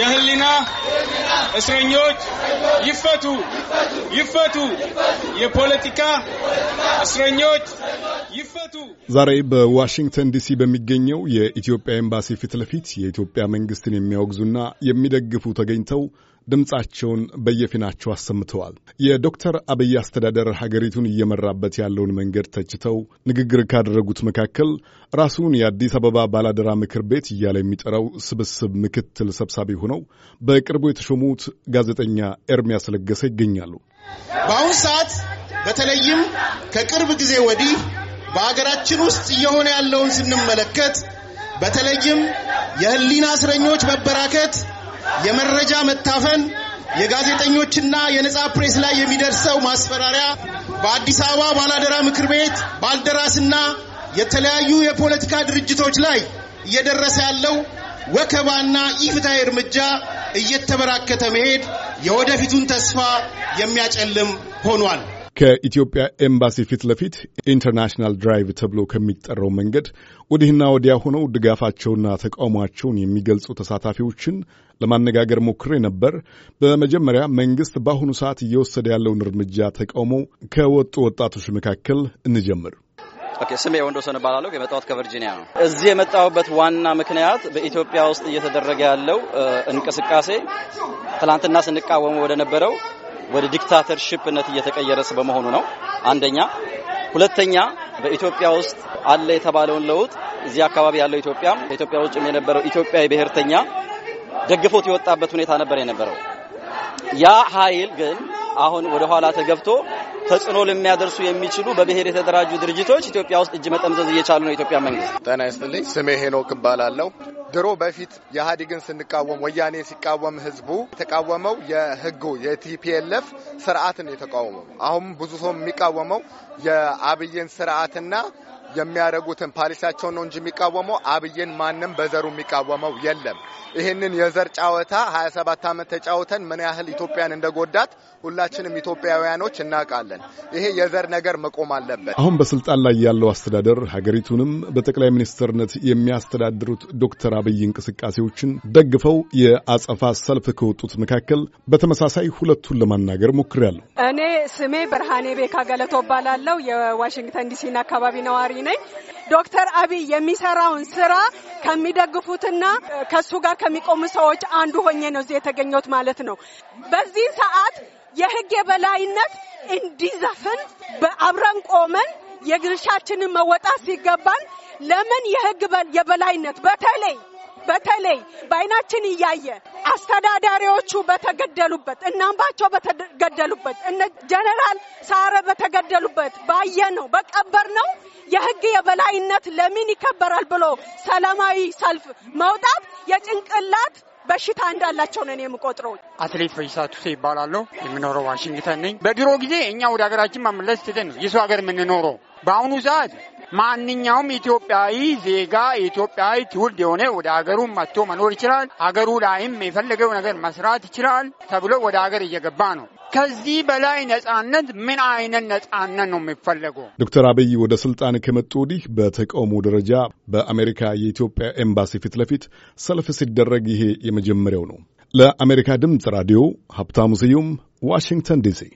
የህሊና እስረኞች ይፈቱ ይፈቱ፣ የፖለቲካ እስረኞች ይፈቱ። ዛሬ በዋሽንግተን ዲሲ በሚገኘው የኢትዮጵያ ኤምባሲ ፊት ለፊት የኢትዮጵያ መንግስትን የሚያወግዙና የሚደግፉ ተገኝተው ድምፃቸውን በየፊናቸው አሰምተዋል። የዶክተር አብይ አስተዳደር ሀገሪቱን እየመራበት ያለውን መንገድ ተችተው ንግግር ካደረጉት መካከል ራሱን የአዲስ አበባ ባላደራ ምክር ቤት እያለ የሚጠራው ስብስብ ምክትል ሰብሳቢ ሆነው በቅርቡ የተሾሙት ጋዜጠኛ ኤርሚያስ ለገሰ ይገኛሉ። በአሁኑ ሰዓት በተለይም ከቅርብ ጊዜ ወዲህ በአገራችን ውስጥ እየሆነ ያለውን ስንመለከት በተለይም የህሊና እስረኞች መበራከት የመረጃ መታፈን፣ የጋዜጠኞችና የነጻ ፕሬስ ላይ የሚደርሰው ማስፈራሪያ በአዲስ አበባ ባላደራ ምክር ቤት ባልደራስና የተለያዩ የፖለቲካ ድርጅቶች ላይ እየደረሰ ያለው ወከባና ኢፍትሐዊ እርምጃ እየተበራከተ መሄድ የወደፊቱን ተስፋ የሚያጨልም ሆኗል። ከኢትዮጵያ ኤምባሲ ፊት ለፊት ኢንተርናሽናል ድራይቭ ተብሎ ከሚጠራው መንገድ ወዲህና ወዲያ ሆነው ድጋፋቸውና ተቃውሟቸውን የሚገልጹ ተሳታፊዎችን ለማነጋገር ሞክሬ ነበር። በመጀመሪያ መንግስት በአሁኑ ሰዓት እየወሰደ ያለውን እርምጃ ተቃውሞ ከወጡ ወጣቶች መካከል እንጀምር። ስሜ ወንዶሰን እባላለሁ። የመጣሁት ከቨርጂኒያ ነው። እዚህ የመጣሁበት ዋና ምክንያት በኢትዮጵያ ውስጥ እየተደረገ ያለው እንቅስቃሴ ትላንትና ስንቃወሙ ወደ ነበረው ወደ ዲክታተርሺፕነት እየተቀየረ በመሆኑ ነው። አንደኛ። ሁለተኛ በኢትዮጵያ ውስጥ አለ የተባለውን ለውጥ እዚህ አካባቢ ያለው ኢትዮጵያም ከኢትዮጵያ ውጭም የነበረው ኢትዮጵያዊ ብሔርተኛ ደግፎት የወጣበት ሁኔታ ነበር የነበረው። ያ ኃይል ግን አሁን ወደ ኋላ ተገብቶ ተጽዕኖ ለሚያደርሱ የሚችሉ በብሔር የተደራጁ ድርጅቶች ኢትዮጵያ ውስጥ እጅ መጠምዘዝ እየቻሉ ነው። ኢትዮጵያ መንግስት ጤና ይስጥልኝ። ስሜ ሄኖክ እባላለሁ። ድሮ በፊት የኢህአዴግን ስንቃወም ወያኔ ሲቃወም ህዝቡ የተቃወመው የህጉ የቲፒኤልኤፍ ስርዓትን የተቃወመው አሁን ብዙ ሰው የሚቃወመው የአብይን ስርዓትና የሚያደርጉትን ፓሊሲያቸውን ነው እንጂ የሚቃወመው አብይን ማንም በዘሩ የሚቃወመው የለም። ይህንን የዘር ጫወታ 27 ዓመት ተጫወተን ምን ያህል ኢትዮጵያን እንደጎዳት ሁላችንም ኢትዮጵያውያኖች እናውቃለን። ይሄ የዘር ነገር መቆም አለበት። አሁን በስልጣን ላይ ያለው አስተዳደር ሀገሪቱንም በጠቅላይ ሚኒስትርነት የሚያስተዳድሩት ዶክተር አብይ እንቅስቃሴዎችን ደግፈው የአጸፋ ሰልፍ ከወጡት መካከል በተመሳሳይ ሁለቱን ለማናገር ሞክሬያለሁ። እኔ ስሜ ብርሃኔ ቤካ ገለቶ እባላለሁ። የዋሽንግተን ዲሲና አካባቢ ነዋሪ ነኝ። ዶክተር አብይ የሚሰራውን ስራ ከሚደግፉትና ከሱ ጋር ከሚቆሙ ሰዎች አንዱ ሆኜ ነው እዚህ የተገኘሁት ማለት ነው። በዚህ ሰዓት የህግ የበላይነት እንዲዘፍን በአብረን ቆመን የግርሻችንን መወጣት ሲገባን ለምን የህግ የበላይነት በተለይ በተለይ በአይናችን እያየ አስተዳዳሪዎቹ በተገደሉበት እናምባቸው በተገደሉበት እነ ጀነራል ሳረ በተገደሉበት በቀበር በቀበርነው የህግ የበላይነት ለምን ይከበራል ብሎ ሰላማዊ ሰልፍ መውጣት የጭንቅላት በሽታ እንዳላቸው ነን የምቆጥረው። አትሌት ፈይሳ ቱሴ ይባላለሁ። የምኖረው ዋሽንግተን ነኝ። በድሮ ጊዜ እኛ ወደ ሀገራችን መመለስ ትተን ነው የሰው ሀገር የምንኖረው። በአሁኑ ሰዓት ማንኛውም ኢትዮጵያዊ ዜጋ የኢትዮጵያዊ ትውልድ የሆነ ወደ ሀገሩ መጥቶ መኖር ይችላል። ሀገሩ ላይም የፈለገው ነገር መስራት ይችላል ተብሎ ወደ ሀገር እየገባ ነው። ከዚህ በላይ ነጻነት ምን አይነት ነጻነት ነው የሚፈለገው? ዶክተር አብይ ወደ ስልጣን ከመጡ ወዲህ በተቃውሞ ደረጃ በአሜሪካ የኢትዮጵያ ኤምባሲ ፊት ለፊት ሰልፍ ሲደረግ ይሄ የመጀመሪያው ነው። ለአሜሪካ ድምፅ ራዲዮ ሀብታሙ ስዩም ዋሽንግተን ዲሲ